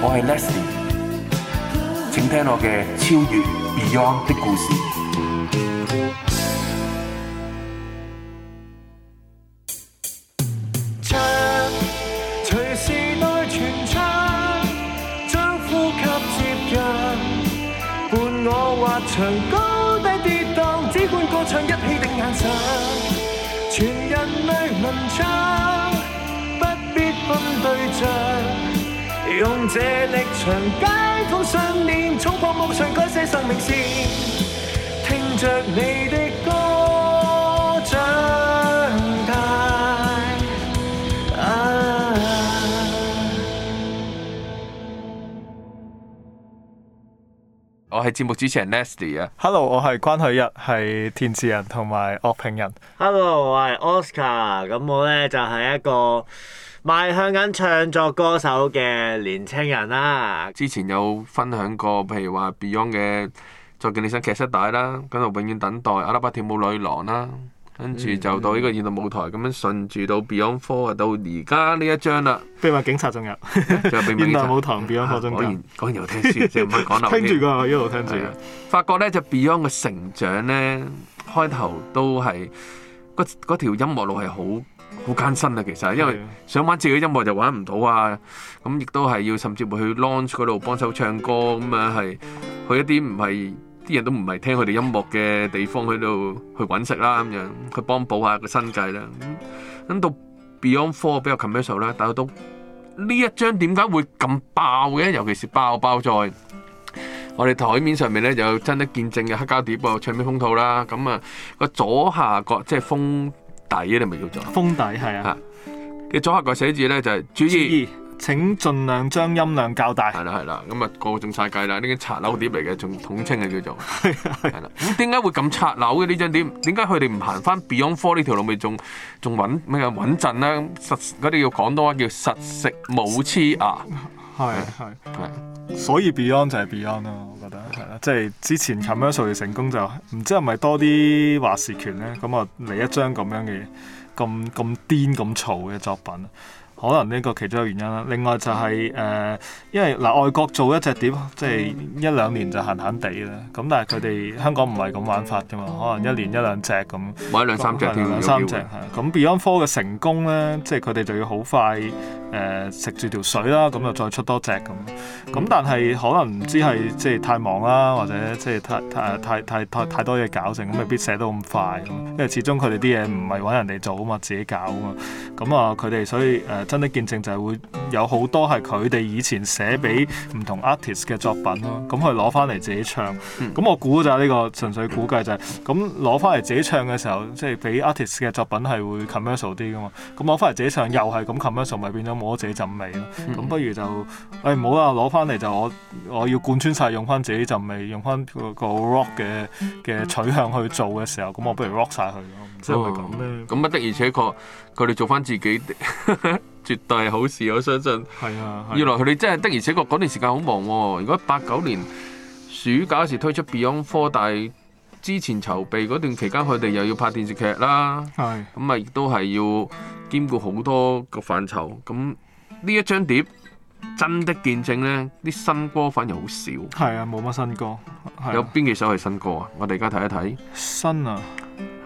我係 Leslie，請聽我嘅超越 Beyond 的故事。唱，隨時代傳唱，將呼吸接近，伴我滑翔高低跌宕，只管歌唱一起定眼神。用這力強街凍信念，衝破夢想改寫生命線。聽着你的歌，長大。愛、啊。我係節目主持人 Nasty 啊，Hello，我係關許日，係填詞人同埋樂評人。人 Hello，我係 Oscar，咁我咧就係、是、一個。邁向緊唱作歌手嘅年青人啦、啊，之前有分享過，譬如話 Beyond 嘅《再見理想》、《劇集帶》啦，咁啊《永遠等待》、《阿拉伯跳舞女郎》啦，跟住就到呢個現代舞台咁樣順住到 Beyond Four 啊，到而家呢一張啦，譬如話秘密警察仲有現代舞台 Beyond Four，講完講完又聽書， 是是 聽住個一路聽住， 發覺咧就 Beyond 嘅成長咧，開頭都係嗰嗰條音樂路係好。好艱辛啊，其實，因為想玩自己音樂就玩唔到啊，咁、嗯、亦都係要甚至會去 launch 嗰度幫手唱歌咁啊，係、嗯、去一啲唔係啲人都唔係聽佢哋音樂嘅地方喺度去揾食啦，咁樣去幫補下個生計啦。咁、嗯嗯、到 Beyond Four 比較 commercial 咧，大家都呢一張點解會咁爆嘅？尤其是爆爆在我哋台面上面咧，有真得見證嘅黑膠碟喎，唱片風套啦，咁啊個左下角即係風。底你咪叫做，封底係啊。嘅左下角寫字咧就係、是、注意，意，請盡量將音量較大。係啦係啦，咁啊，啊個個仲差計啦，呢張拆樓碟嚟嘅，仲統稱嘅叫做係啦。點解、 啊嗯、會咁拆樓嘅呢張碟？點解佢哋唔行翻 Beyond Four 呢條路咪仲仲穩咩啊穩陣啦？實嗰啲叫廣東話叫實食冇黐牙。係係係，所以 Beyond 就係 Beyond 咯，我覺得係啦。即係之前咁樣數嘅成功就唔知係咪多啲話事權咧？咁啊嚟一張咁樣嘅咁咁癲咁嘈嘅作品。可能呢個其中一個原因啦。另外就係、是、誒、呃，因為嗱、呃、外國做一隻碟，即係一兩年就閒閒地啦。咁但係佢哋香港唔係咁玩法噶嘛，可能一年一兩隻咁，或者兩,兩三隻跳三隻係。咁、嗯、Beyond c 嘅成功咧，即係佢哋就要好快誒、呃、食住條水啦。咁就再出多隻咁。咁但係可能唔知係即係太忙啦，或者即係太太太太太太多嘢搞成咁，未必寫到咁快。因為始終佢哋啲嘢唔係揾人哋做啊嘛，自己搞啊嘛。咁啊，佢、啊、哋所以誒。真的見證就係會有好多係佢哋以前寫俾唔同 artist 嘅作品咯，咁佢攞翻嚟自己唱，咁、嗯、我估就係呢個純粹估計就係、是，咁攞翻嚟自己唱嘅時候，即係俾 artist 嘅作品係會 commercial 啲噶嘛，咁攞翻嚟自己唱又係咁 commercial，咪變咗冇咗自己陣味咯，咁、嗯、不如就誒唔好啦，攞翻嚟就我我要貫穿晒，用翻自己陣味，用翻個 rock 嘅嘅取向去做嘅時候，咁我不如 rock 晒佢。即係咁咧，咁啊、嗯、的而且確，佢哋做翻自己的， 絕對係好事。我相信。係啊。啊原來佢哋真係的，的而且確嗰段時間好忙喎、哦。如果八九年暑假嗰時推出 Beyond Four，但係之前籌備嗰段期間，佢哋、啊、又要拍電視劇啦。係。咁啊，亦都係要兼顧好多個範疇。咁呢一張碟真的見證咧，啲新歌反而好少。係啊，冇乜新歌。啊、有邊幾首係新歌啊？我哋而家睇一睇。新啊！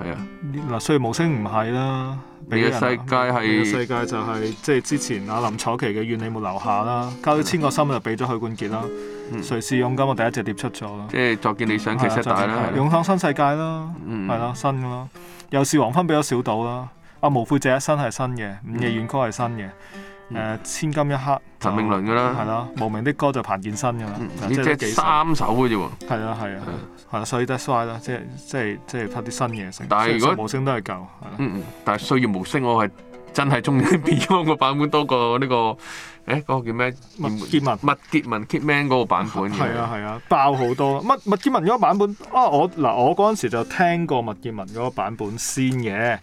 係啊，嗱，歲月無聲唔係啦，你嘅、啊、世界係，你嘅世界就係、是、即係之前阿林楚琪嘅願你冇留下啦，交咗千個心就俾咗許冠傑啦，嗯嗯、瑞士勇敢我第一隻碟出咗啦，即係再見理想其實就啦、是，勇闖了、啊、新世界啦，係咯、嗯啊、新嘅咯，又是黃昏俾咗小島啦，阿、啊、無悔這一生係新嘅，午夜怨曲係新嘅。誒、嗯、千金一刻陳明倫嘅啦，係咯、嗯、無名的歌就是、彭健新嘅啦，嗯、即係三首嘅啫喎。係啊係啊係啊，所以得衰啦，即係即係即係拍啲新嘢成。但係如果無聲都係舊，嗯嗯，啊、但係歲月無聲，我係真係中意 Beyond 個版本多過呢、這個。誒嗰、欸那個叫咩？麥潔文麥潔文 Kitman 嗰個版本，係啊係啊，爆好多。麥麥潔文嗰個版本啊，我嗱我嗰陣時就聽過麥潔文嗰個版本先嘅，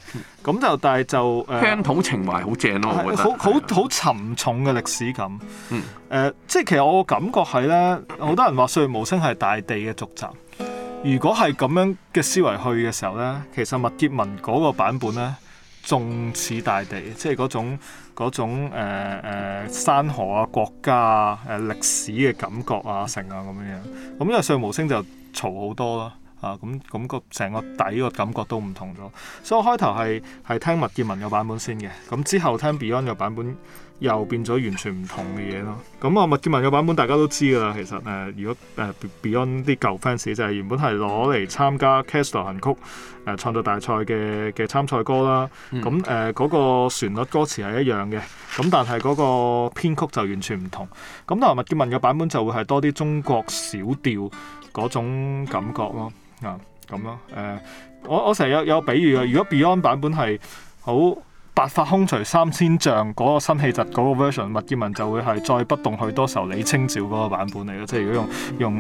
咁、嗯、就但係就鄉土、呃、情懷好正咯，嗯、我覺得好的好好沉重嘅歷史感。誒、嗯呃，即係其實我感覺係咧，好多人話《歲月無聲》係大地嘅續集。如果係咁樣嘅思維去嘅時候咧，其實麥潔文嗰個版本咧，仲似大地，即係嗰種。嗰種誒、呃呃、山河啊、國家啊、誒歷史嘅感覺啊、成啊咁樣樣，咁因為《上無聲》就嘈好多咯，啊咁咁、那個成個底個感覺都唔同咗，所以我開頭係係聽麥潔文嘅版本先嘅，咁之後聽 Beyond 嘅版本。又變咗完全唔同嘅嘢咯。咁啊，麥建文嘅版本大家都知㗎啦。其實誒、呃，如果誒、呃、Beyond 啲舊 fans 就係原本係攞嚟參加 Castle 行曲誒創作大賽嘅嘅參賽歌啦。咁誒嗰個旋律歌詞係一樣嘅，咁但係嗰個編曲就完全唔同。咁但係，麥建文嘅版本就會係多啲中國小調嗰種感覺、嗯嗯、咯。啊，咁咯誒，我我成日有有比喻呀。如果 Beyond 版本係好。白髮空除三千丈嗰、那個新氣質嗰個 version，麥建文就會係再不動許多時候李清照嗰個版本嚟咯。即係如果用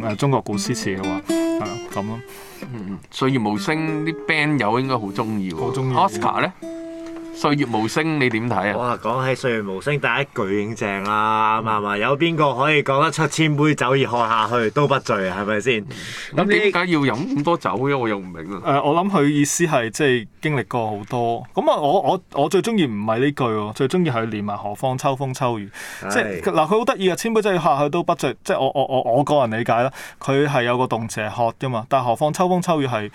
用誒中國古詩詞嘅話，係咁咯。嗯嗯，歲月無聲啲 band 友應該好中意。好中意。Oscar 咧呢？ 歲月無聲，你點睇啊？哇，講起歲月無聲，第一句已經正啦，係咪、嗯？有邊個可以講得出千杯酒而喝下去都不醉啊？係咪先？咁點解要飲咁多酒嘅？我又唔明啊。誒、呃，我諗佢意思係即係經歷過好多。咁啊，我我我最中意唔係呢句喎，最中意係連埋何況秋風秋雨。是即係嗱，佢好得意啊！千杯真係喝下去都不醉。即係我我我我個人理解啦，佢係有個動詞係喝㗎嘛。但係何況秋風秋雨係。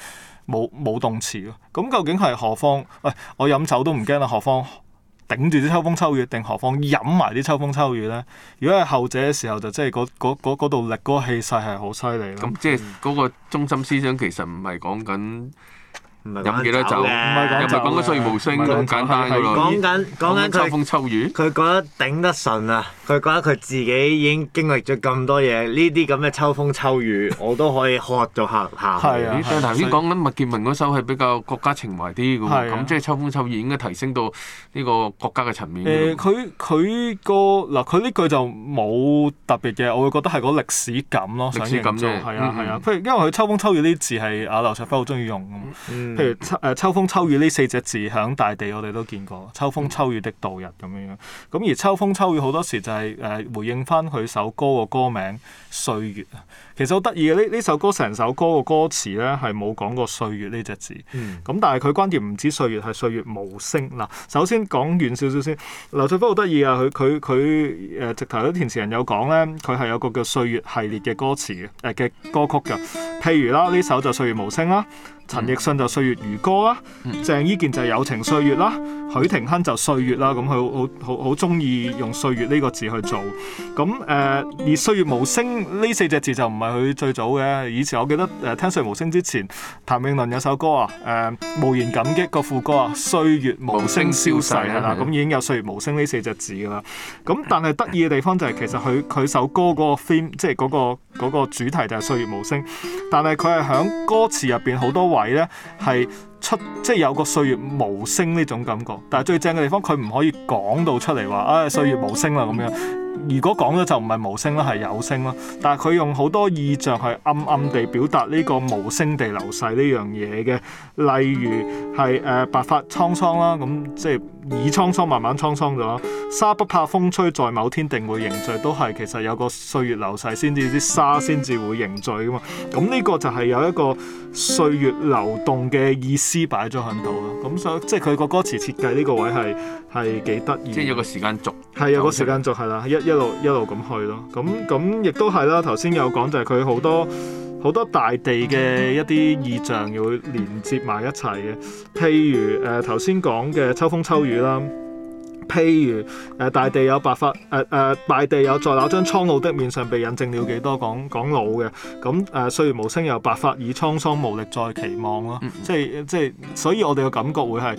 冇冇動詞咯，咁、嗯、究竟係何況？喂、哎，我飲酒都唔驚啦，何況頂住啲秋風秋雨，定何況飲埋啲秋風秋雨咧？如果係後者嘅時候，就即係嗰嗰嗰度力，嗰個氣勢係好犀利咯。咁、嗯、即係嗰個中心思想其實唔係講緊。唔係飲幾多酒，又唔係講緊歲月無聲咁簡單嘅咯。講緊講緊秋風秋雨，佢覺得頂得順啊！佢覺得佢自己已經經歷咗咁多嘢，呢啲咁嘅秋風秋雨，我都可以喝咗下下嚟。頭先講緊麥建文嗰首係比較國家情懷啲嘅，咁即係秋風秋雨應該提升到呢個國家嘅層面。佢佢個嗱，佢呢句就冇特別嘅，我會覺得係個歷史感咯，歷史感，因為佢秋風秋雨呢啲字係阿劉卓輝好中意用譬如秋，誒、秋風秋雨呢四隻字，響大地我哋都見過，秋風秋雨的度日咁樣樣，咁而秋風秋雨好多時就係誒，回應返佢首歌個歌名。歲月啊，其實好得意嘅呢呢首歌成首歌嘅歌詞咧，係冇講過歲月呢隻字。咁、嗯、但係佢關鍵唔止歲月，係歲月無聲。嗱，首先講遠少少先，劉翠輝好得意啊，佢佢佢誒，呃、直頭啲填詞人有講咧，佢係有個叫歲月系列嘅歌詞嘅誒嘅歌曲噶。譬如啦，呢首就歲月無聲啦，陳奕迅就歲月如歌啦，鄭伊健就係友情歲月啦，許廷鏗就歲月啦，咁佢好好好好中意用歲月呢個字去做。咁誒，而、呃、歲月無聲。呢四隻字就唔係佢最早嘅，以前我記得誒、呃聽《歲月無聲》之前，譚詠麟有首歌啊，誒、呃《無言感激》個副歌啊，歲月無聲消逝啦，咁已經有歲月無聲呢四隻字噶啦。咁但係得意嘅地方就係、是、其實佢佢首歌嗰個 theme，即係嗰、那個那個主題就係、是、歲月無聲，但係佢係響歌詞入邊好多位咧係出，即係有個歲月無聲呢種感覺。但係最正嘅地方，佢唔可以講到出嚟話啊歲月無聲啦咁樣。如果講咗就唔係無聲啦，係有聲啦。但係佢用好多意象係暗暗地表達呢個無聲地流逝呢樣嘢嘅，例如係誒、呃、白髮蒼蒼啦，咁、嗯、即係已蒼蒼慢慢蒼蒼咗。沙不怕風吹，在某天定會凝聚，都係其實有個歲月流逝先至啲沙先至會凝聚㗎嘛。咁、嗯、呢、這個就係有一個歲月流動嘅意思擺咗喺度啦。咁、嗯、所以即係佢個歌詞設計呢個位係。係幾得意，即係有個時間軸，係啊，個時間軸係啦，一一路一路咁去咯。咁咁亦都係啦。頭先有講就係佢好多好多大地嘅一啲意象要連接埋一齊嘅。譬如誒頭先講嘅秋風秋雨啦，譬如誒、呃、大地有白髮，誒誒大地有在那張蒼老的面上被引證了幾多，講講老嘅。咁誒歲月無聲又白髮已蒼蒼無力再期望咯。嗯嗯即係即係，所以我哋嘅感覺會係。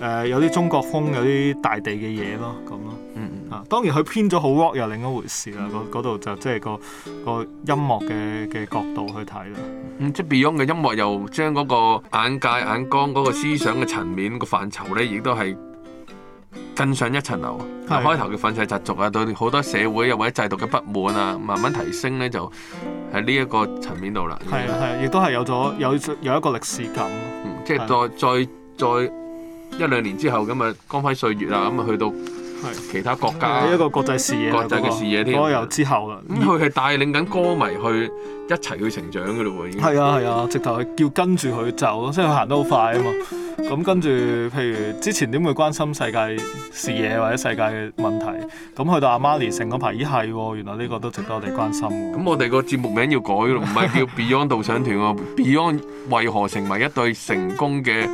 誒有啲中國風，有啲大地嘅嘢咯，咁咯。嗯嗯。啊，當然佢編咗好 rock 又另一回事啦。嗰度就即係個個音樂嘅嘅角度去睇啦。即 Beyond 嘅音樂又將嗰個眼界眼光嗰個思想嘅層面個範疇咧，亦都係更上一層樓。開頭嘅憤世嫉俗啊，對好多社會又或者制度嘅不滿啊，慢慢提升咧，就喺呢一個層面度啦。係啊係啊，亦都係有咗有有一個歷史感。即係再再再。一兩年之後咁啊，光輝歲月啊，咁啊去到其他國家，一個國際視野、嗰個，國際嘅視野添。又、嗰個嗰個、之後啦，咁佢係帶領緊歌迷去一齊去成長嘅咯喎，已經係啊係啊，直頭係叫跟住佢走咯，即係佢行得好快啊嘛。咁、嗯、跟住，譬如之前點會關心世界視野或者世界嘅問題，咁、嗯、去到阿瑪尼成嗰排咦係喎，原來呢個都值得我哋關心。咁、嗯、我哋個節目名要改咯，唔係叫 Beyond 導賞 團喎，Beyond 為何成為一隊成功嘅誒？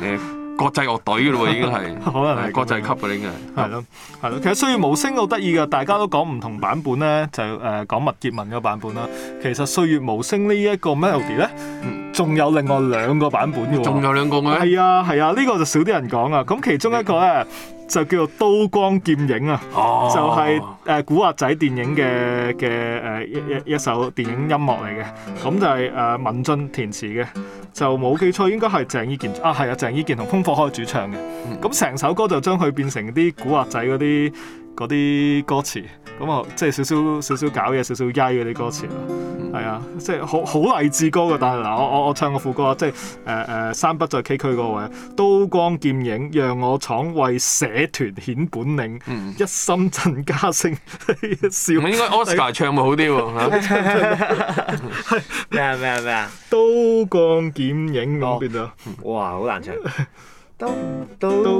呃國際樂隊噶咯喎，已經係， 可能係國際級嘅應該係。係咯 兩，係 咯，其實《歲月無聲》好得意噶，大家都講唔同版本咧，就誒講麥潔文嘅版本啦。其實《歲月無聲》呢一個 melody 咧，仲有另外兩個版本喎。仲 有兩個嘅咩？係啊，係啊，呢、呢個就少啲人講啊。咁其中一個咧。就叫做「刀光劍影」啊，Oh. 就係、是、誒、呃、古惑仔電影嘅嘅誒一一一首電影音樂嚟嘅，咁就係誒敏俊填詞嘅，就冇記錯應該係鄭伊健啊，係啊，鄭伊健同風火海主唱嘅，咁成、Mm. 首歌就將佢變成啲古惑仔嗰啲嗰啲歌詞。咁啊，即係少少少少搞嘢，少少曳嗰啲歌詞，係啊，即係好好勵志歌嘅。但係嗱，我我我唱個副歌，即係誒誒，三不在崎嶇個位，刀光劍影，讓我闖為社團顯本領，嗯、一心振家聲，笑，笑。我應該 Oscar、哎、唱咪好啲喎？咩啊咩啊咩啊！刀光劍影邊度？哇，好難唱。 刀刀刀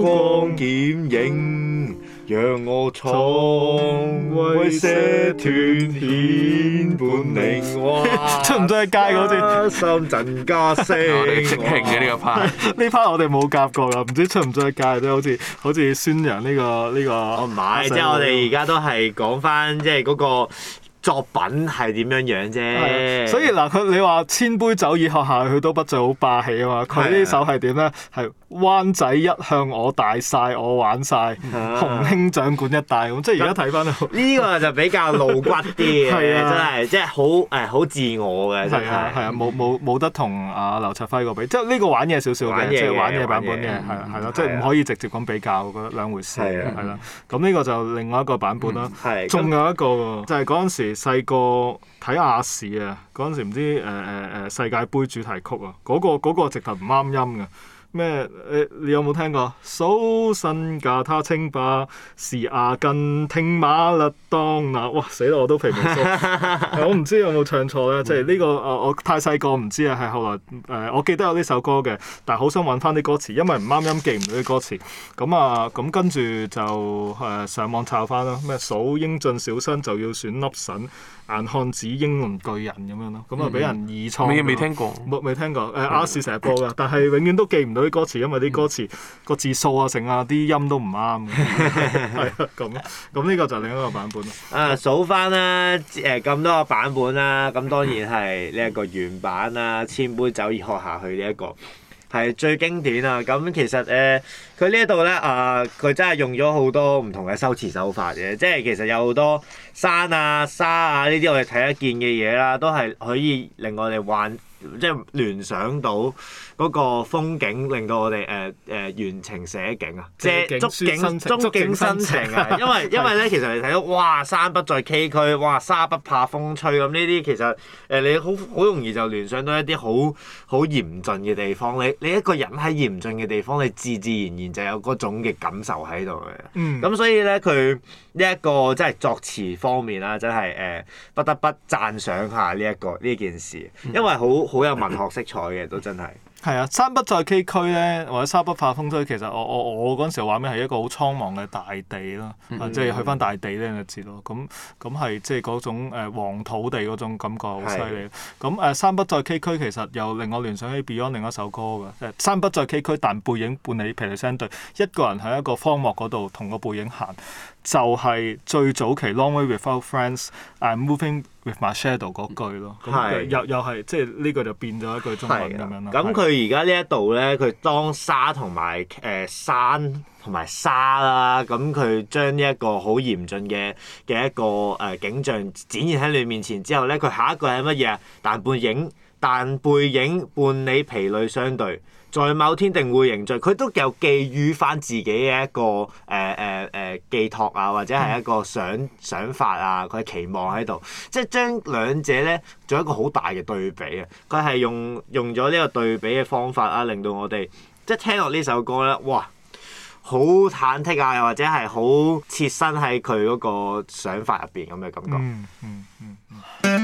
光劍影。讓我創威射天險，半嶺花深，枕家聲。我哋即興嘅呢個 part，呢 part 我哋冇夾過啦，唔知出唔出街都 好似好似孫楊呢個呢個。唔、這、係、個，即係我哋而家都係講翻即係嗰個作品係點樣樣啫。所以嗱，佢你話千杯酒，已喝下，佢都不醉好霸氣啊嘛。佢呢首係點咧？係。灣仔一向我大晒，我玩晒，洪興掌管一帶咁，即係而家睇翻咧。呢個就比較露骨啲啊，真係即係好誒好自我嘅。係啊係啊，冇冇冇得同阿劉卓輝個比，即係呢個玩嘢少少嘅，即係玩嘢版本嘅係係咯，即係唔可以直接噉比較，覺得兩回事係啦。咁呢個就另外一個版本啦。仲有一個就係嗰陣時細個睇亞視啊，嗰陣時唔知誒誒誒世界盃主題曲啊，嗰個直頭唔啱音㗎。咩？誒、嗯、你有冇聽過？嫂身嫁他清白，是阿根廷馬勒當娜哇！死咯，我都平平冇。我唔知有冇唱錯咧，即係呢個我太細個唔知啊，係後來誒、呃、我記得有呢首歌嘅，但係好想揾翻啲歌詞，因為唔啱音記唔到啲歌詞。咁啊咁、嗯、跟住就誒、呃、上網查翻啦。咩？嫂英俊小生就要選粒筍，眼漢子英雄巨人咁樣咯。咁啊俾人二創。未未、嗯嗯嗯、聽過，未未、嗯、聽過。誒亞視成日播㗎，但係永遠都記唔到。啲歌詞，因為啲歌詞個字數啊、成啊啲音都唔啱，咁。 咁呢個就另一個版本咯。啊，數翻咧誒咁多個版本啦。咁當然係呢一個原版啦，《 千杯酒而喝下去》呢一個係最經典啊。咁其實咧，佢、呃、呢一度咧啊，佢、呃、真係用咗好多唔同嘅修辭手法嘅。即係其實有好多山啊、沙啊呢啲，我哋睇得見嘅嘢啦，都係可以令我哋幻。即係聯想到嗰個風景、呃，令到我哋誒誒原情寫景啊，借捉景捉景生情啊！語言因為因為咧，其實你睇到哇，山不在崎嶇，哇，沙不怕風吹，咁呢啲其實誒你好好容易就聯想到一啲好好嚴峻嘅地方。你你一個人喺嚴峻嘅地方，你自自然然就有嗰種嘅感受喺度嘅。咁所以咧，佢呢一個即係作詞方面啦，真係誒不得不讚賞下呢一個呢件事，因為好。好有文學色彩嘅，都真係。係啊，山不再崎嶇咧，或者沙不怕風吹，其實我我我嗰陣時畫面係一個好蒼茫嘅大地咯，即係、嗯啊就是、去翻大地呢，你就知咯。咁咁係即係嗰種誒、呃、黃土地嗰種感覺好犀利。咁誒是、呃，山不再崎嶇其實又令我聯想起 Beyond 另一首歌㗎，就是、山不再崎嶇，但背影伴你疲累相對，一個人喺一個荒漠嗰度同個背影行。就係最早期《Long Way Without Friends》誒，《Moving With My Shadow》嗰句咯，咁、啊、又又係即係呢個就變咗一句中文咁樣咯。咁佢而家呢一度咧，佢當沙同埋誒山同埋沙啦、啊，咁佢將呢一個好嚴峻嘅嘅一個誒景象展現喺你面前之後咧，佢下一句係乜嘢啊？但背影，但背影伴你疲累相對。在某天定會凝聚，佢都有寄予翻自己嘅一個誒誒誒寄託啊，或者係一個想想法啊，佢嘅期望喺度，即係將兩者咧做一個好大嘅對比啊。佢係用用咗呢個對比嘅方法啊，令到我哋即係聽落呢首歌咧，哇，好忐忑啊，又或者係好切身喺佢嗰個想法入邊咁嘅感覺。嗯嗯嗯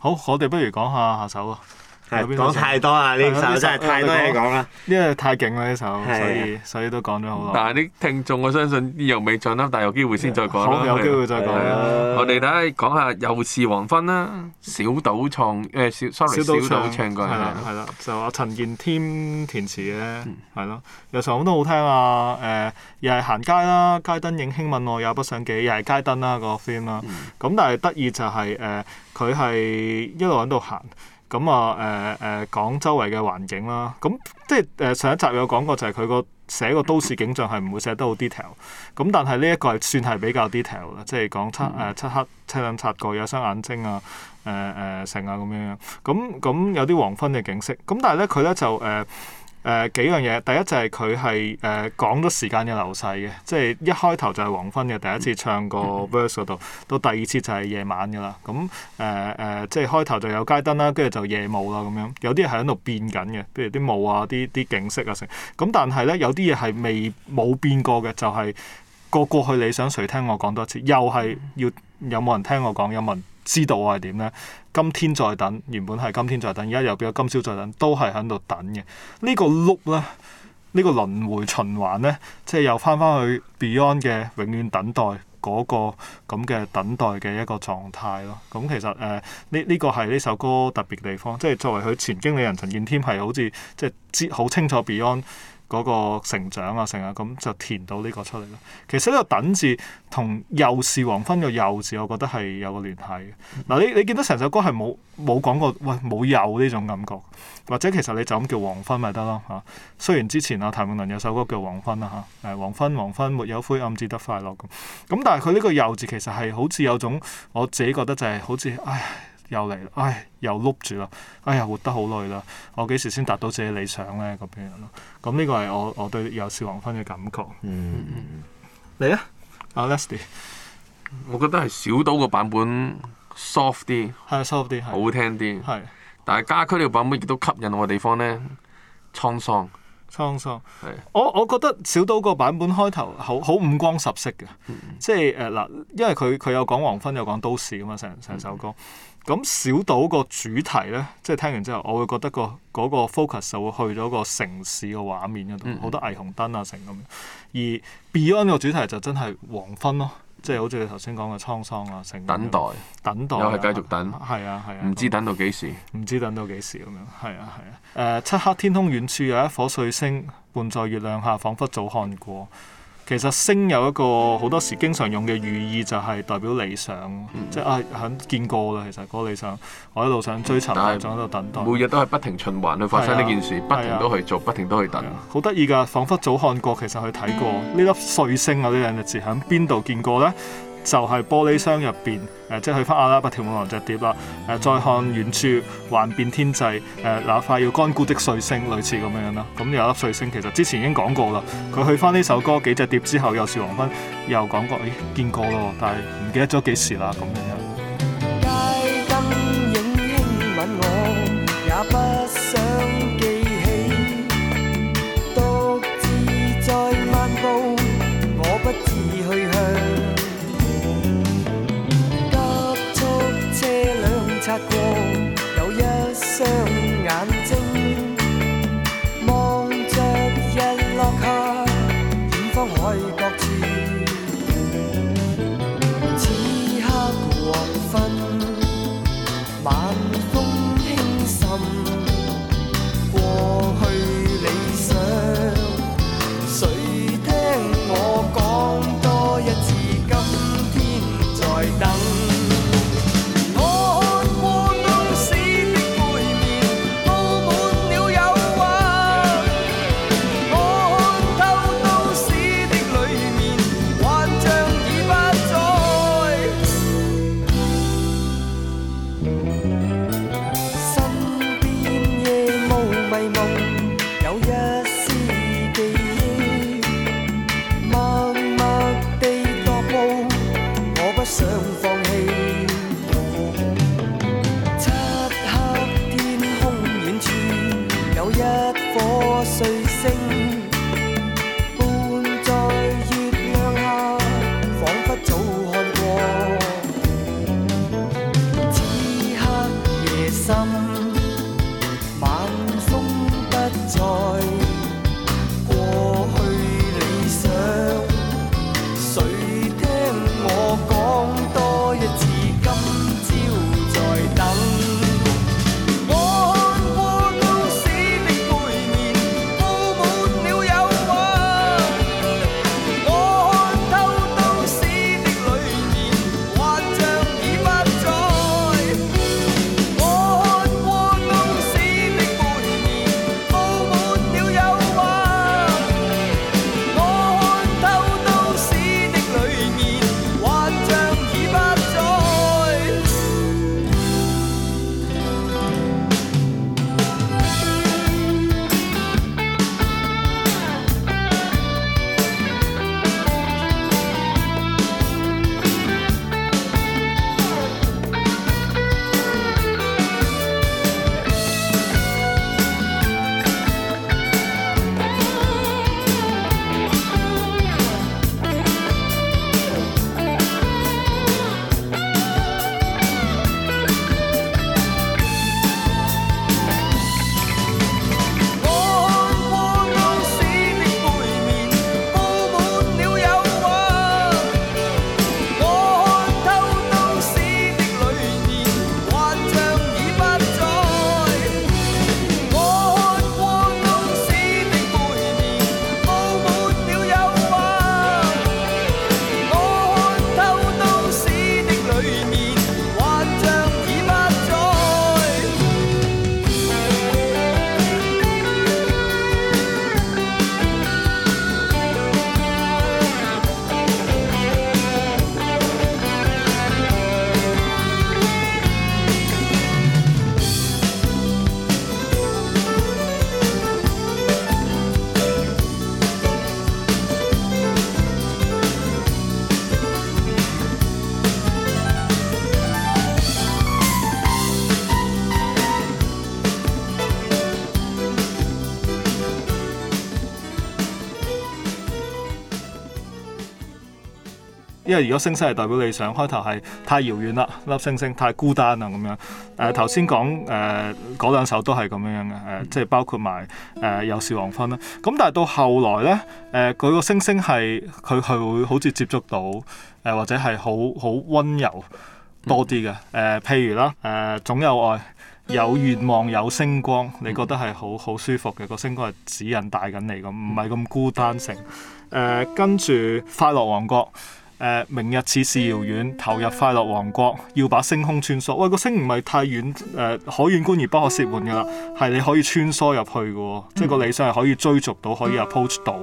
好，我哋不如講下下手啊。係講太多啦，呢首真係太多嘢講啦，因為太勁啦呢首，所以所以都講咗好多。但係啲聽眾我相信意猶未盡啦，但係有機會先再講，有機會再講我哋睇，講下又是黃昏啦，小島創誒小 sorry 小島唱過係啦，就阿陳健添填詞嘅係咯，又唱好多好聽啊，誒，又係行街啦，街燈影輕問我有不想記，又係街燈啦個 film 啦，咁但係得意就係誒，佢係一路喺度行。咁啊誒誒講周圍嘅環境啦，咁、嗯、即係誒、呃、上一集有講過，就係佢個寫個都市景象係唔會寫得好 detail。咁、嗯、但係呢一個係算係比較 detail 嘅，即係講七誒漆、呃、黑車輛擦過，有一雙眼睛啊誒誒成啊咁樣。咁、嗯、咁、嗯嗯、有啲黃昏嘅景色。咁、嗯、但係咧佢咧就誒。呃誒、呃、幾樣嘢，第一就係佢係誒講咗時間嘅流逝嘅，即係一開頭就係黃昏嘅，第一次唱過 verse 嗰度，到 第二次就係夜晚噶啦。咁誒誒，即係開頭就有街燈啦，跟住就夜霧啦咁樣。有啲係喺度變緊嘅，譬如啲霧啊、啲啲景色啊成。咁但係咧，有啲嘢係未冇變過嘅，就係、是、個過去理想。誰聽我講多次？又係要有冇人聽我講有問？知道我係點咧？今天再等，原本係今天再等，而家又變咗今宵再等，都係喺度等嘅。呢個、呢、呢個碌 o 咧，呢個輪迴循環咧，即係又翻翻去 Beyond 嘅永遠等待嗰、那個咁嘅等待嘅一個狀態咯。咁、嗯、其實誒，呢、呃、呢、呢個係呢首歌特別地方，即係作為佢前經理人陳建添係好似即係知好清楚 Beyond。嗰個成長啊，成啊咁就填到呢個出嚟咯。其實呢個等字同《幼是黃昏》個幼字，我覺得係有個聯繫嘅。嗱、嗯啊，你你見到成首歌係冇冇講過喂冇幼呢種感覺，或者其實你就咁叫黃昏咪得咯嚇。雖然之前阿譚詠麟有首歌叫《黃昏》啊，嚇，誒黃昏黃昏沒有灰暗只得快樂咁，咁、啊、但係佢呢個幼字其實係好似有種我自己覺得就係好似唉。又嚟，唉，又碌住啦，唉，呀，活得好累啦，我幾時先達到自己理想咧？嗰邊咯，咁呢個係我我對有是黃昏嘅感覺。嗯，你咧、嗯，吧啊 Leslie 我覺得係小島個版本 soft 啲，係 soft 啲，係好聽啲，係。但係家駒呢個版本亦都吸引我嘅地方咧，滄桑，滄桑，係是。我我覺得小島個版本開頭好好五光十色嘅，即係誒嗱，因為佢佢有講黃昏，有講都市啊嘛，成成首歌。咁小島個主題咧，即係聽完之後，我會覺得個、嗰個 focus 就會去咗個城市個畫面嗰度，好、嗯、多霓虹燈啊，成咁樣。而 Beyond 個主題就真係黃昏咯，即係好似你頭先講嘅滄桑啊，成等待，等待、啊、又係繼續等，係啊係啊，唔、啊啊啊、知等到幾時，唔知等到幾時咁樣，係啊係啊。誒、啊，漆、啊啊呃、黑天空遠處有一顆碎星，伴在月亮下，仿佛早看過。其實星有一個好多時經常用嘅寓意就係代表理想，嗯、即係啊，喺見過啦。其實嗰、那個理想，我一路想追尋，喺度、嗯、等待。每日都係不停循環去發生呢件事，啊、不停都去做，啊、不停都去等。好得意㗎，彷彿早看過。其實去睇過呢粒碎星啊，呢兩隻字，喺邊度見過呢？就係玻璃箱入邊，誒、呃，即係去翻阿拉伯條舞王隻碟啦，誒、呃，再看遠處幻變天際，誒、呃，那快要乾枯的碎星，類似咁樣樣啦。咁、啊、有粒碎星，其實之前已經講過啦。佢去翻呢首歌幾隻碟之後，又是黃昏，又講過，咦，見過咯，但係唔記得咗幾時啦，咁、嗯、樣。因為如果星星係代表理想，開頭係太遙遠啦，粒星星太孤單啦咁樣。誒頭先講誒嗰兩首都係咁樣嘅，誒、呃、即係包括埋誒有時黃昏啦。咁、呃、但係到後來咧，誒佢個星星係佢佢會好似接觸到誒、呃、或者係好好溫柔多啲嘅。誒、嗯呃、譬如啦，誒、呃、總有愛，有願望，有星光，你覺得係好好舒服嘅、嗰個星光係指引帶緊你咁，唔係咁孤單性。誒、呃、跟住快樂王國。誒，明日似是遙遠，投入快樂王國，要把星空穿梭。喂，那個星唔係太遠，誒、呃，可遠觀而不可褻玩㗎啦。係你可以穿梭入去㗎，嗯、即係個理想係可以追逐到，可以 approach 到。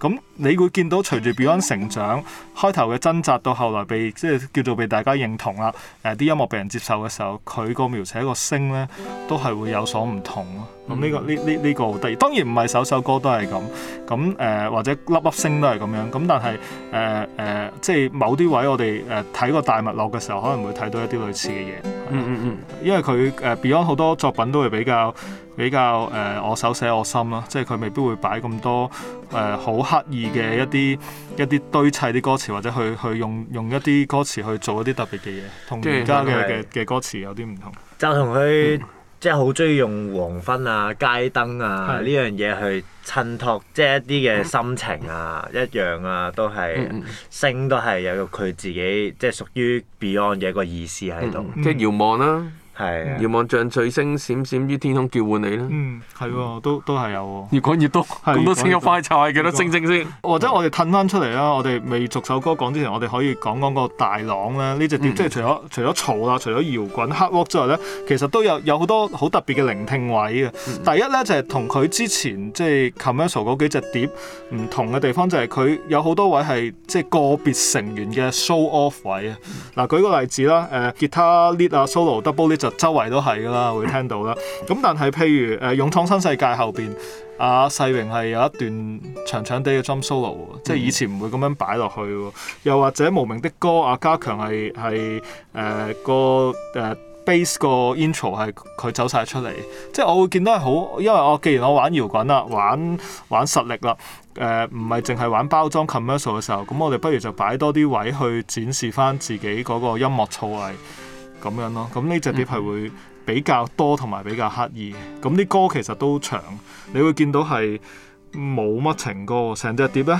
咁你會見到隨住 Beyond 成長，開頭嘅掙扎到後來被即係叫做被大家認同啦。誒、呃，啲音樂被人接受嘅時候，佢個描寫個星咧都係會有所唔同。咁呢、嗯這個呢呢呢個好得意，這個、當然唔係首首歌都係咁，咁誒、呃、或者粒粒星都係咁樣，咁但係誒誒，即係某啲位我哋誒睇過大物落嘅時候，可能會睇到一啲類似嘅嘢、嗯。嗯嗯嗯，因為佢誒、呃、Beyond 好多作品都會比較比較誒、呃、我手寫我心囉，即係佢未必會擺咁多誒好、呃、刻意嘅一啲一啲堆砌啲歌詞，或者去去用用一啲歌詞去做一啲特別嘅嘢，同而家嘅嘅嘅歌詞有啲唔同。就同佢。即係好中意用黃昏啊、街燈啊呢、嗯、樣嘢去襯托，即係一啲嘅心情啊、嗯、一樣啊，都係、嗯嗯、星都係有佢自己，即係屬於 Beyond 嘅一個意思喺度、嗯，嗯、即係遙望啦、啊。係，遙望像碎星閃閃於天空叫喚你啦。嗯，係喎，都都係有喎、啊。越講越多，咁多青玉就柴，幾多星過星先？或者我哋褪翻出嚟啦，我哋未逐首歌講之前，我哋可以講講個大綱啦。呢、這、隻、個、碟即係、嗯、除咗除咗嘈啦，除咗搖滾、hard rock 之外咧，其實都有有好多好特別嘅聆聽位嘅。嗯、第一咧就係同佢之前即係、就是、commercial 嗰幾隻碟唔同嘅地方就，就係佢有好多位係即係個別成員嘅 show off 位、嗯、啊。嗱，舉個例子啦，誒、呃，吉他 lead 啊，solo double lead 就周圍都係㗎啦，會聽到啦。咁但係譬如誒、呃《勇闖新世界》後邊，阿、啊、世榮係有一段長長啲嘅 jam solo、嗯、即係以前唔會咁樣擺落去喎。又或者無名的歌，阿家強係係誒個誒、呃、bass 個 intro 係佢走晒出嚟。即係我會見到係好，因為我既然我玩搖滾啦，玩玩實力啦，誒唔係淨係玩包裝 commercial 嘅時候，咁我哋不如就擺多啲位去展示翻自己嗰個音樂造詣。咁樣咯，咁呢隻碟係會比較多同埋比較刻意，咁啲歌其實都長，你會見到係冇乜情歌喎，成隻碟咧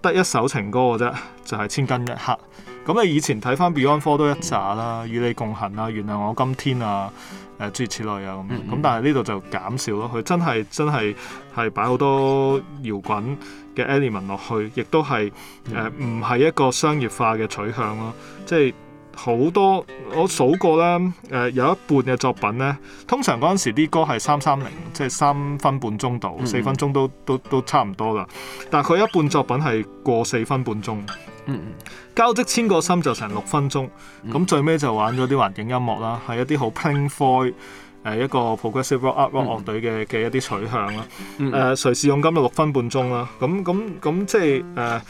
得一首情歌嘅啫，就係、是、千金一刻。咁你以前睇翻 Beyond Four 都一紮啦，與你共行啊，原諒我今天啊，誒、呃、諸如此類啊咁。咁、嗯嗯、但係呢度就減少咯，佢真係真係係擺好多搖滾嘅 Element 落去，亦都係誒唔係一個商業化嘅取向咯，即係。好多我數過啦，誒、呃、有一半嘅作品咧，通常嗰陣時啲歌係三三零，即係三分半鐘到四分鐘都都都差唔多啦。但係佢一半作品係過四分半鐘，嗯嗯，交織千個心就成六分鐘，咁、嗯、最尾就玩咗啲環境音樂啦，係一啲好 playful、呃、一個 progressive rock, rock 樂，樂，樂隊嘅嘅、嗯嗯、一啲取向啦，誒隨時用金就六分半鐘啦，咁咁咁即係誒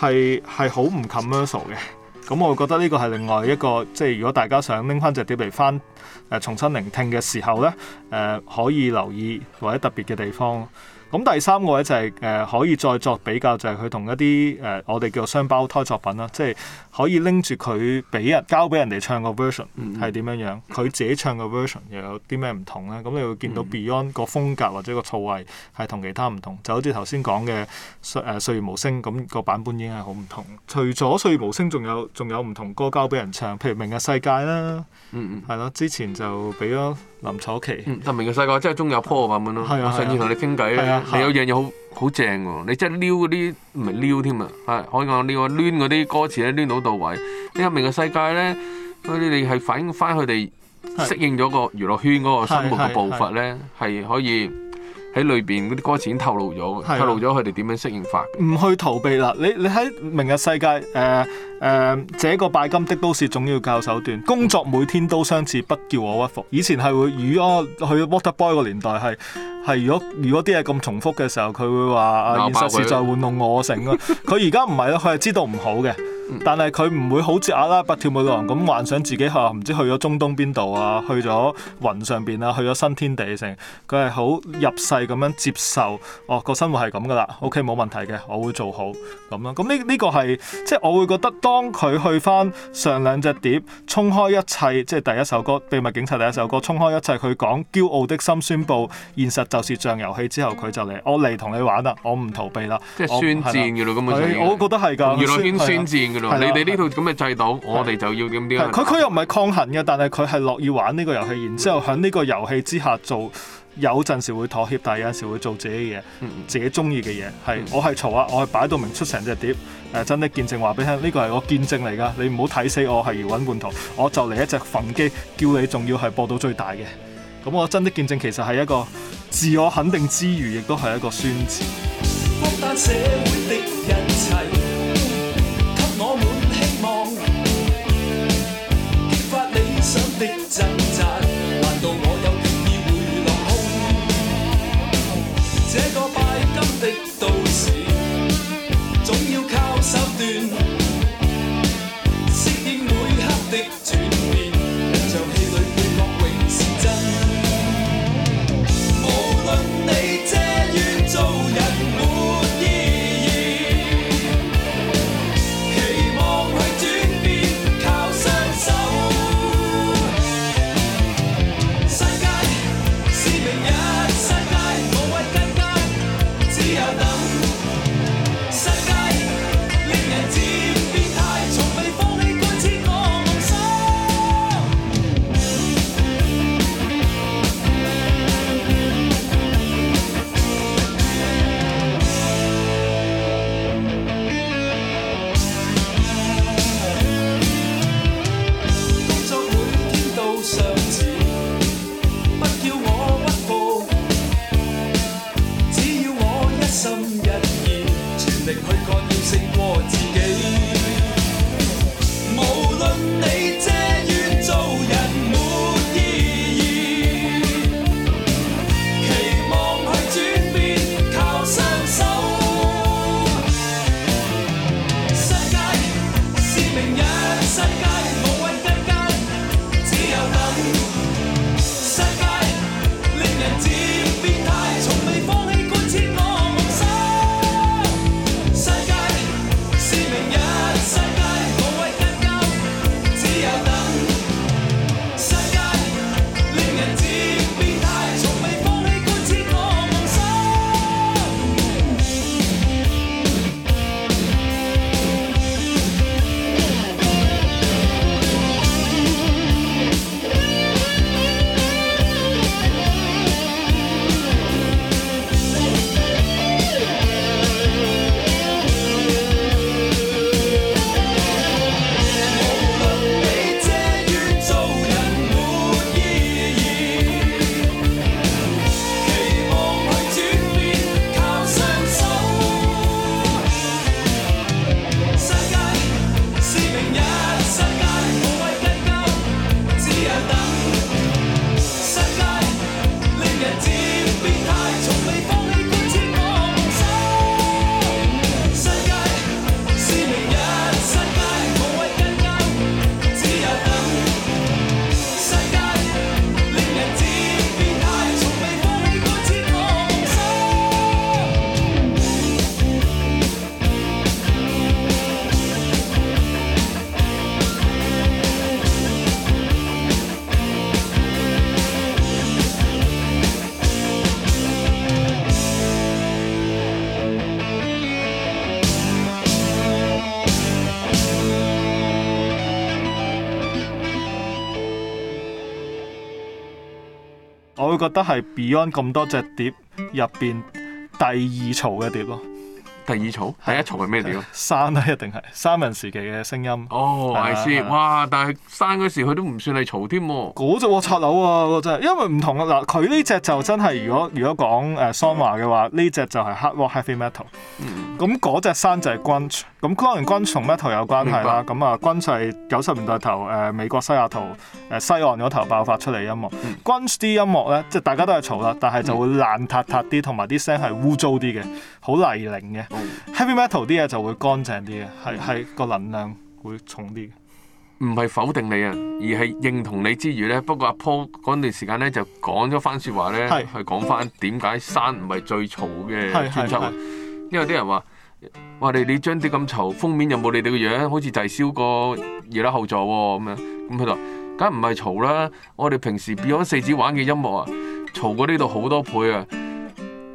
係係好唔 commercial 嘅。咁我覺得呢個係另外一個，即係如果大家想拎翻隻碟嚟翻誒重新聆聽嘅時候呢，誒、呃、可以留意或者特別嘅地方。咁第三個咧就係、是、誒、呃、可以再作比較，就係佢同一啲誒、呃、我哋叫雙胞胎作品啦，即係可以拎住佢俾人交俾人哋唱個 version 係點樣樣，佢、嗯嗯、自己唱個 version 又有啲咩唔同咧？咁你會見到 Beyond 個風格或者個造詣係同其他唔同，就好似頭先講嘅誒《歲月無聲》咁、那個版本已經係好唔同。除咗《歲月無聲》，仲有仲有唔同歌交俾人唱，譬如《明日世界》啦，嗯嗯，係咯，之前就俾咗。林楚琪、嗯，就明日世界真係中有棵咁樣咯。上次同你傾偈咧，你有樣嘢好好正喎。你即係撩嗰啲唔係撩添啊，係可以講撩啊，攣嗰啲歌詞咧，攣到到位。呢個《明日世界》咧，佢哋係反映翻佢哋適應咗是個娛樂圈嗰個生活嘅步伐咧，係可以喺裏邊嗰啲歌詞已經透露咗，啊、透露咗佢哋點樣適應法。唔去逃避啦，你你喺《你明日世界》誒、呃。呃誒，uh, 這個拜金的都市總要教手段。工作每天都相似，不叫我屈服。以前係會如果去 Waterboy 個年代係係，如果如果啲嘢咁重複嘅時候，佢會話現實是在玩弄我性。佢而家唔係，佢係知道唔好嘅，但係佢唔會好似阿拉伯跳舞郎咁幻想自己係，啊，唔知去咗中東邊度啊，去咗雲上邊啊，去咗新天地成。佢係好入世咁樣接受，哦個生活係咁噶啦，OK 冇問題嘅，我會做好咁咯。咁呢呢個係即係我會覺得當。幫當佢去翻上兩隻碟，衝開一切，即係第一首歌《秘密警察》第一首歌，衝開一切。佢講驕傲的心，宣布現實就是像遊戲之後，佢就嚟，我嚟同你玩啦，我唔逃避啦，即係宣戰噶咯根本意思。我的的我覺得係噶，宣戰噶的的你哋呢套咁嘅制度，我哋就要咁啲。佢佢又唔係抗衡嘅，但係佢係樂意玩呢個遊戲，然之後喺呢個遊戲之下做。有陣時會妥協，但有陣時會做自己嘅嘢，自己中意嘅嘢。係我係嘈啊，我係擺到明出成隻碟。誒、呃，真的見證話俾你聽，呢個係我見證嚟㗎。你唔好睇死我係搖滾叛徒，我就嚟一隻憤機，叫你仲要係播到最大嘅。咁我真的見證其實係一個自我肯定之餘，亦都係一個宣戰。我會覺得係 Beyond 咁多隻碟入邊第二嘈嘅碟咯，第二嘈，第一嘈係咩碟？山啦，啊，一定係，三人時期嘅聲音。哦，係先，哇！但係山嗰時佢都唔算係嘈添喎。嗰隻喎拆樓啊，真係，因為唔同啊嗱，佢呢隻就真係如果如果講誒、呃、桑話嘅話，呢隻、嗯、就係 hard rock heavy metal。嗯。咁嗰隻山就係 grunge。咁可能軍從咩頭有關係啦，咁啊軍勢九十年代頭，誒美國西雅圖，誒西岸嗰頭爆發出嚟音樂 grunge 啲音樂咧，即係大家都係嘈啦，但係就會爛塌塌啲，同埋啲聲係污糟啲嘅，好泥濘嘅。heavy metal 啲嘢就會乾淨啲嘅，係係個能量會重啲嘅。唔係否定你啊，而係認同你之餘咧，不過阿 Po 嗰段時間咧就講咗番説話咧，係去講翻點解山唔係最嘈嘅專輯，因為啲人話。哇，哋你張啲咁嘈封面有冇你哋個樣,樣？好似就係燒過二樓後座咁樣。咁佢話：，梗唔係嘈啦，我哋平時 Beyond 四子玩嘅音樂啊，嘈過呢度好多倍啊。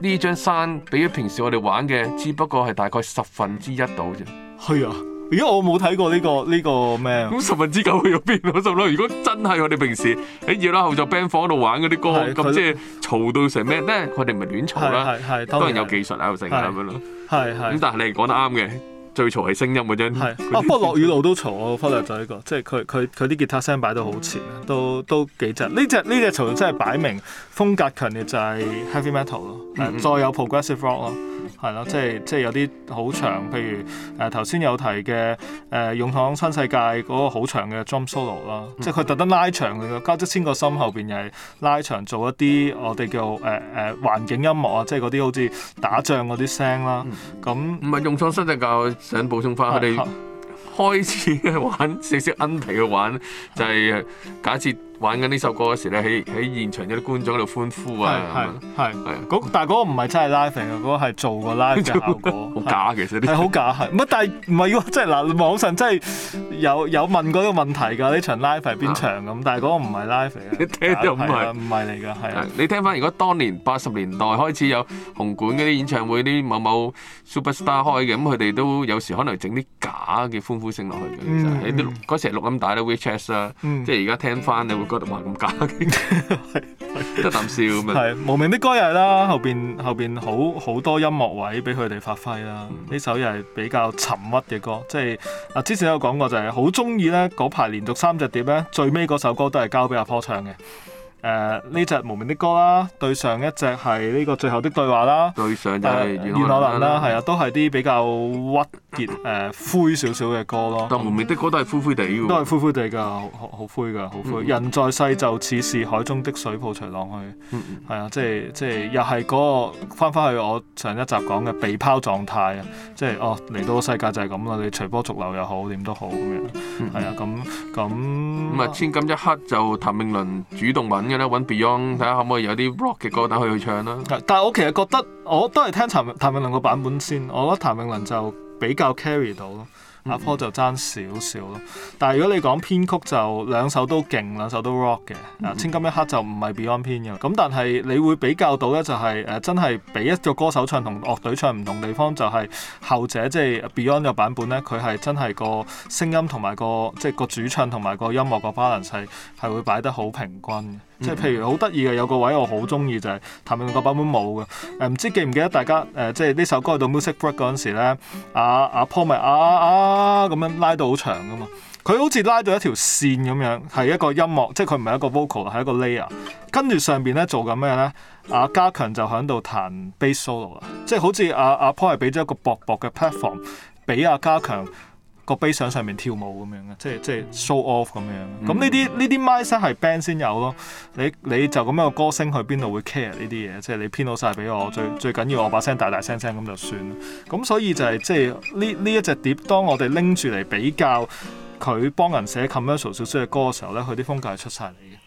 呢張山比咗平時我哋玩嘅，只不過係大概十分之一度啫。係啊。 如果我冇睇過呢、呢個呢、呢個咩？咁、嗯、十分之九去咗邊度？就咯。如果真係我哋平時喺、欸、二樓後座 band 房度的玩嗰啲歌，咁的即係嘈到成咩咧？佢哋唔係亂嘈啦，當然，當然有技術啊，又成咁樣咯。係係。咁但係你係講得啱嘅，最嘈係聲音嘅啫。不過落雨路都嘈，忽略咗呢個。即係佢佢佢啲吉他聲擺到好前，都都幾隻。呢隻呢隻嘈真係擺明風格強烈就係 heavy metal 咯、嗯，再有 progressive rock 咯。係咯，即係即係有啲好長，譬如誒頭先有提嘅誒《勇、呃、闖新世界》嗰個好長嘅 drum solo 啦、嗯，即係佢特登拉長佢嘅，加積先個心後邊又係拉長做一啲我哋叫誒誒、呃呃、環境音樂啊，即係嗰啲好似打仗嗰啲聲啦。咁唔係《勇闖新世界》，我想補充返，我哋、嗯、開始玩少少恩皮 d 嘅玩、嗯、就係假設，玩緊呢首歌嗰時咧，喺喺現場有啲觀眾喺度歡呼啊！係係係，嗰但係嗰個唔係真係 live 嘅，嗰個係做過 live 嘅效果，好假其實啲係好假係，唔係但係唔係喎，即係嗱網上真係有有問過呢個問題㗎，呢場 live 係邊場咁？但係嗰個唔係 live 啊，你聽都唔係唔係嚟㗎，係啊，你聽翻如果當年八十年代開始有紅館嗰啲演唱會，啲某某 superstar 開嘅，咁佢哋都有時可能整啲假嘅歡呼聲落去嘅，其實喺啲嗰時係錄音帶啦，VHS 啦，即係而家聽翻你會。歌都唔係咁假，一啖笑咁樣。係無名的歌又係啦，後邊後邊好好多音樂位俾佢哋發揮啦。呢、嗯、首又係比較沉鬱嘅歌，即係啊之前有講過就係好中意咧嗰排連續三隻碟咧最尾嗰首歌都係交俾阿 Paul 唱嘅。誒呢隻無名的歌啦，對上一隻係呢個最後的對話啦，對上就係願我能啦，係啊，都係啲比較鬱結誒灰少少嘅歌咯。但無名的歌都係灰灰地喎，都係灰灰地㗎，好灰㗎，好灰。人在世就似是海中的水泡隨浪去，係啊，即係即係又係嗰個翻返去我上一集講嘅被拋狀態啊，即係哦嚟到世界就係咁啦，你隨波逐流又好，點都好咁樣，係啊，咁咁咁啊，千金一刻就譚詠麟主動咁咧揾 Beyond 睇下可唔可以有啲 rock 嘅歌等佢去唱啦。但係我其實覺得我都係聽譚譚詠麟個版本先，我覺得譚詠麟就比較 carry 到咯，阿 Paul、嗯啊、就爭少少咯。但係如果你講編曲就兩首都勁，兩首都 rock 嘅嗱，啊《千金一刻》就唔係 Beyond 編嘅。咁但係你會比較到咧、就是，就係誒真係俾一個歌手唱同樂隊唱唔同地方，就係、是、後者即係、就是、Beyond 嘅版本咧，佢係真係個聲音同埋、那個即係、就是、個主唱同埋個音樂個 balance 係係會擺得好平均嘅。嗯、即係譬如好得意嘅有，有個位我好中意就係、是、譚詠麟個版本冇嘅，誒、呃、唔知記唔記得大家誒、呃、即係呢首歌到 music break 嗰陣時咧，阿、啊、阿、啊、Paul 咪啊啊咁樣拉到好長㗎嘛，佢好似拉到一條線咁樣，係一個音樂，即係佢唔係一個 vocal，係一個 layer，跟住上邊咧做緊咩咧？阿、啊、加強就響度彈 bass solo 啦，即係好似阿阿 Paul 係俾咗一個薄薄嘅 platform 俾阿加強。個 bass 上上面跳舞咁樣嘅，即係即係 show off 咁樣咁。呢啲呢啲 mindset 係 band 先有咯。你你就咁樣，個歌星去邊度會 care 呢啲嘢？即係你編到晒俾我，最最緊要我把聲大大聲聲咁就算啦。咁所以就係即係呢呢一隻碟，當我哋拎住嚟比較佢幫人寫 commercial 少少嘅歌嘅時候咧，佢啲風格係出晒嚟嘅。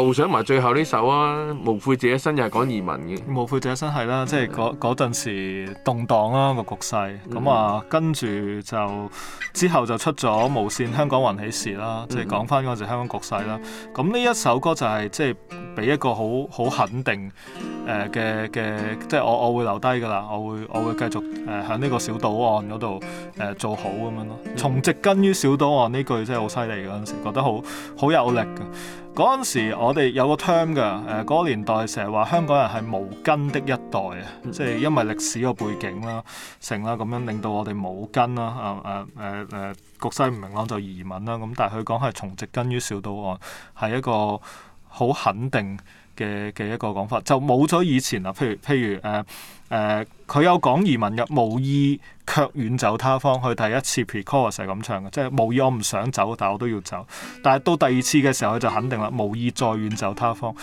倒想埋最後呢首啊！無悔這一生又係講移民嘅。無悔這一生係啦，的即係嗰嗰陣時動盪啦、啊嗰個局勢，咁、嗯、啊跟住就。之後就出咗《無線香港運起事》啦，嗯、即係講返嗰陣時香港局勢啦。咁呢一首歌就係、是、即係俾一個好好肯定誒嘅嘅，即係我我會留低噶啦，我會我會繼續誒喺呢個小島岸嗰度誒做好咁樣咯。從植根於小島岸呢句真係好犀利嗰陣時，覺得好好有力嘅。嗰陣時我哋有個 term 嘅誒，嗰、呃那個、年代成日話香港人係無根的一代啊，嗯嗯、即係因為歷史個背景啦、成啦咁樣，這樣令到我哋冇根啦啊啊誒。啊啊啊啊啊啊誒，局、呃、勢唔明朗就移民啦。咁、嗯，但係佢講係從植根於小島岸，係一個好肯定嘅嘅一個講法，就冇咗以前啦。譬如譬如誒誒。呃呃佢有講移民嘅「無意卻遠走他方」，佢第一次 pre-chorus 係咁唱嘅，即係無意我唔想走，但係我都要走。但係到第二次嘅時候，佢就肯定啦，無意再遠走他方。呢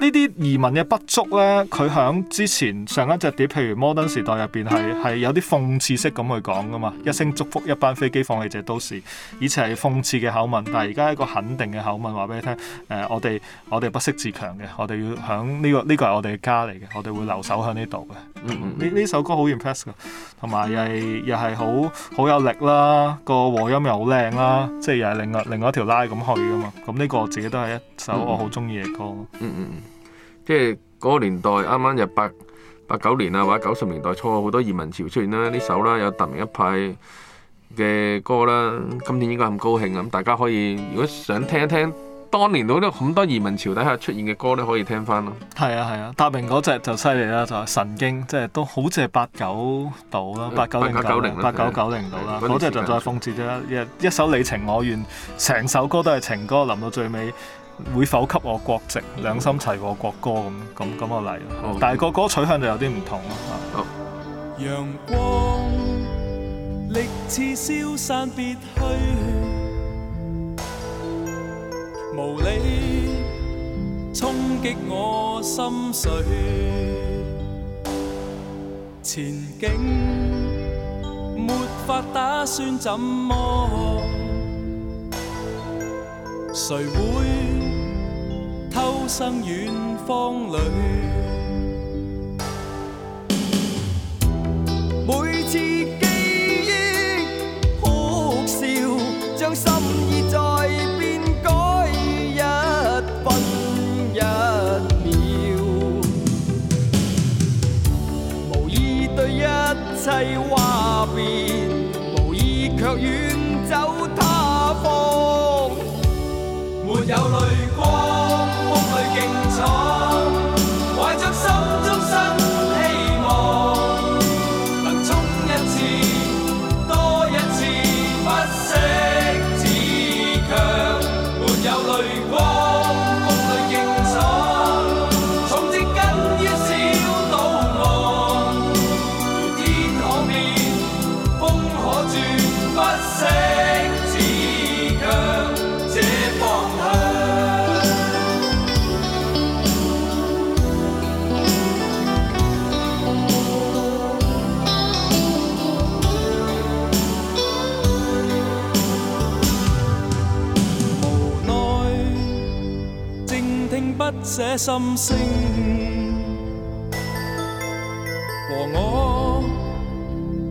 啲、嗯嗯、移民嘅不足咧，佢響之前上一隻碟，譬如摩登時代入邊係係有啲諷刺式咁去講噶嘛，一聲祝福一班飛機放棄者，都市，以前係諷刺嘅口吻，但係而家一個肯定嘅口吻話俾你聽。誒、呃，我哋我哋不息自強嘅，我哋要響呢、呢個呢、呢個係我哋嘅家嚟嘅，我哋會留守響呢度嘅。嗯嗯呢首歌好 impress 噶，同埋又係又係好好有力啦，個和音又好靚啦，即係又係另外另外一條 line 咁去噶嘛。咁、這、呢個我自己都係一首我好中意嘅歌。嗯嗯，嗯，嗯即係嗰個年代啱啱就八八九年啊，或者九十年代初好多移民潮出現啦，呢首啦有特別一派嘅歌啦。今年應該咁高興啊！咁大家可以如果想聽一聽。當年嗰啲咁多移民潮底下出現嘅歌都可以聽翻咯。係啊係啊，達明嗰隻就犀利啦，就係、是、神經，即係都好似係八九度啦，八九零九八九九零度啦，嗰隻的就再諷刺啲啦。一一首你情我願，成首歌都係情歌，臨到最尾會否給我國籍，兩心齊和，國歌咁咁咁個嚟。的但係個歌取向就有啲唔同咯。陽光力消散別去。 無理衝擊我心水，前景沒法打算怎麼，誰會偷生遠方裏。話別無意，却遠走他方，沒有淚這心聲和我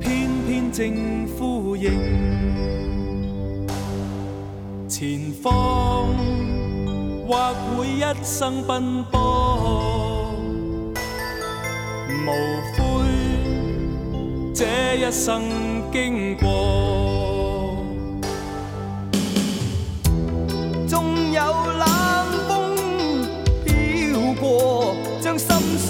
偏偏正呼應，前方或會一生奔波，無悔這一生經過。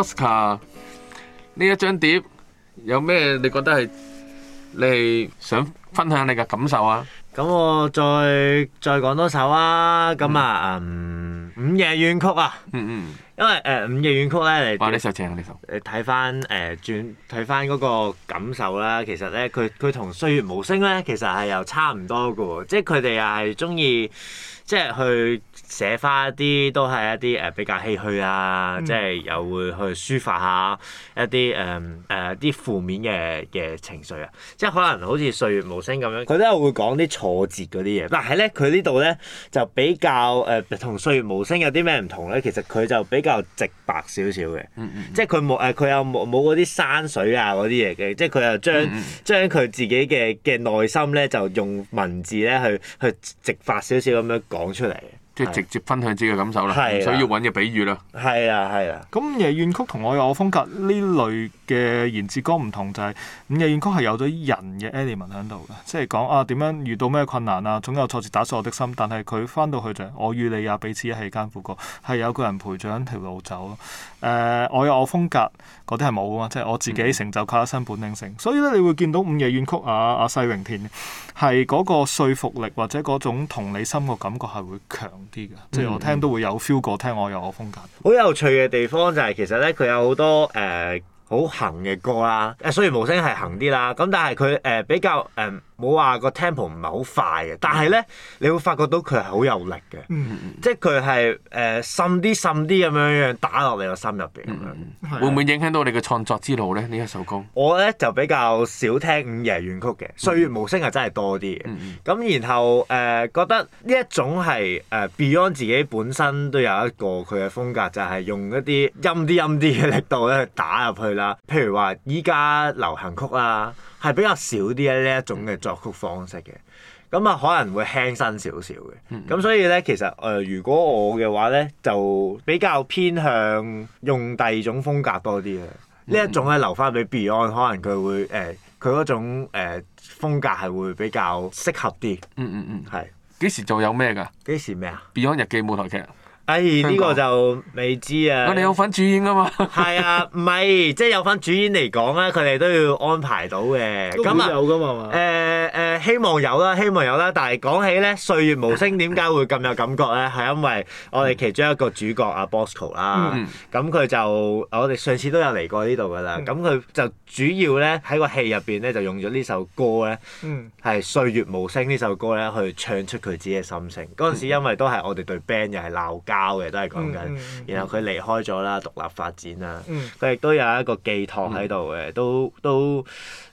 奧斯卡呢一張碟有咩你覺得係你係想分享你嘅感受啊？咁我再再講多首啊！咁啊，嗯，嗯《午夜怨曲》啊，嗯嗯，因為誒《午夜怨曲》咧嚟，我呢首正呢首，你睇翻誒轉睇翻嗰個感受啦。其實咧，佢佢同《歲月無聲》咧，其實係又差唔多噶喎。即係佢哋又係中意。即係去寫翻一啲都係一啲誒、呃、比較唏噓啊，嗯、即係又會去抒發一下一啲誒誒啲負面嘅嘅情緒啊，即係可能好似歲月無聲咁樣，佢都有會講啲挫折嗰啲嘢。但係咧佢呢度咧就比較誒同、呃、歲月無聲有啲咩唔同咧，其實佢就比較直白少少嘅，嗯嗯即係佢冇誒佢又冇冇嗰啲山水啊嗰啲嘢嘅，即係佢又將嗯嗯將佢自己嘅嘅內心咧就用文字咧去去直白少少咁樣講。講出嚟，即直接分享自己嘅感受啦，唔需要揾嘅比喻啦。係啊，係啊。咁而粵曲同我有風格呢類。嘅言志歌唔同就係午夜怨曲係有咗人嘅 element 喺度嘅，即係講啊點樣遇到咩困難啊，總有挫折打碎我的心。但係佢翻到去就我與你也、啊、彼此一起艱苦過，係有個人陪著一條路走咯。誒、呃，我有我風格嗰啲係冇啊，即係我自己成就靠一身本領性，嗯、所以咧，你會見到午夜怨曲啊啊世榮田係嗰個說服力或者嗰種同理心個感覺係會強啲嘅，嗯、即係我聽都會有 feel 過。聽我有我風格，好、嗯、有趣嘅地方就係、是、其實咧佢有好多誒。呃呃嗯好行嘅歌啦，誒雖然無聲係行啲啦，咁但係佢誒比較誒。呃冇話個 tempo 唔係好快嘅，但係咧，你會發覺到佢係好有力嘅，嗯嗯、即係佢係誒滲啲滲啲咁樣樣打落你個心入邊，會唔會影響到你嘅創作之路咧？呢一首歌我咧就比較少聽午夜怨曲嘅，歲月無聲係真係多啲嘅。咁、嗯、然後誒、呃、覺得呢一種係誒、呃、Beyond 自己本身都有一個佢嘅風格，就係、是、用一啲陰啲陰啲嘅力度咧去打入去啦。譬如話依家流行曲啦。係比較少啲咧，呢一種嘅作曲方式嘅，咁啊可能會輕身少少嘅，咁、嗯嗯、所以咧其實誒、呃、如果我嘅話咧就比較偏向用第二種風格多啲嘅，呢、嗯嗯、一種咧留翻俾 Beyond，可能佢會誒佢嗰種誒、呃、風格係會比較適合啲。嗯嗯嗯，係幾是時做有咩㗎？幾時咩啊？Beyond 日記舞台劇。反而呢個就未知啊！我哋、啊、有份主演啊嘛，係 啊，唔係即係有份主演嚟講咧，佢哋都要安排到嘅。咁有㗎嘛，誒誒、呃呃，希望有啦，希望有啦。但係講起咧，歲月無聲點解會咁有感覺咧？係 因為我哋其中一個主角啊 ，Bosco 啦，咁佢、mm hmm. 就我哋上次都有嚟過呢度㗎啦。咁佢、mm hmm. 就主要咧喺個戲入邊咧就用咗呢首歌咧，係、mm《hmm. 歲月無聲》呢首歌咧去唱出佢自己嘅心情。嗰陣、mm hmm. 時因為都係我哋對 band 又係鬧交。包嘅都係講緊，然後佢離開咗啦，獨立發展啦，佢亦都有一個寄託喺度嘅，都都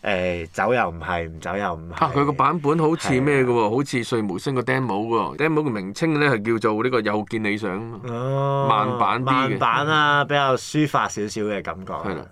誒走又唔係，唔走又唔係。嚇！佢個版本好似咩嘅喎？好似碎無聲嘅 demo 喎，demo 嘅名稱咧係叫做呢個又見理想啊嘛。哦，慢版慢版啊，比較抒發少少嘅感覺。係啦。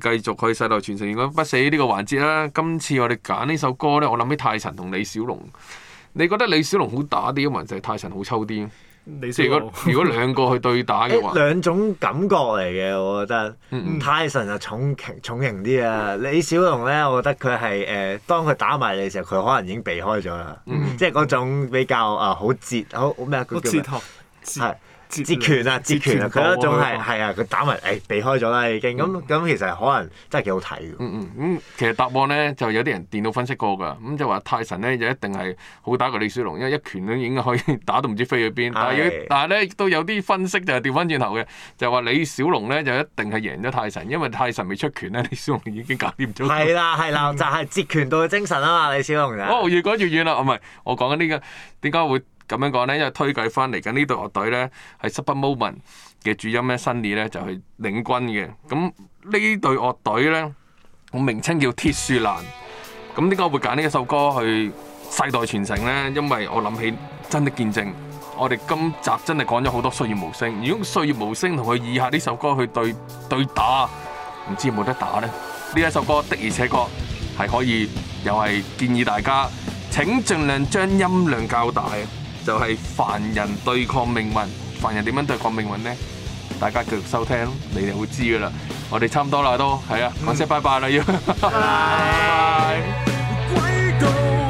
繼續去世代傳承《永遠不死》呢個環節啦。今次我哋揀呢首歌咧，我諗起泰臣同李小龍。你覺得李小龍好打啲，還是泰臣好抽啲？李小龍。如果如果兩個去對打嘅話、 欸，兩種感覺嚟嘅，我覺得。嗯嗯泰臣就重，重型重型啲啊！嗯、李小龍咧，我覺得佢係誒，當佢打埋嚟嘅時候，佢可能已經避開咗啦。嗯、即係嗰種比較啊，好節好咩啊？好節堂。係。截拳啊，截拳啊，佢嗰種係係啊，佢、啊、打埋誒、哎、避開咗啦、啊、已經。咁咁其實可能真係幾好睇嘅。嗯嗯。咁、嗯、其實答案咧就是、有啲人電腦分析過㗎。咁就話、是、泰神咧就一定係好打過李小龍，因為一拳都已經可以打到唔知飛去邊是。但係佢但係咧都有啲分析就係調翻轉頭嘅，就話、是、李小龍咧就一定係贏咗泰神，因為泰神未出拳咧，李小龍已經搞掂咗。係啦係啦，啊嗯、就係截拳道嘅精神啊嘛，李小龍就、哦。哦，越講越遠啦。唔係，我講緊呢個點解會？咁樣講咧，因為推介翻嚟緊呢隊樂隊咧，係 Super Moment 嘅主音咧，Sunny 咧就係領軍嘅。咁呢隊樂隊咧，我名稱叫鐵樹蘭。咁點解我會揀呢一首歌去世代傳承咧？因為我諗起真的見證我哋今集真係講咗好多歲月無聲。如果歲月無聲同佢以下呢首歌去對對打，唔知有冇得打咧？呢一首歌的而且確係可以，又係建議大家請盡量將音量較大。就係凡人對抗命運，凡人點樣對抗命運呢？大家繼續收聽，你哋會知噶啦。我哋差唔多啦，都係啊，講聲拜拜啦，要。拜拜。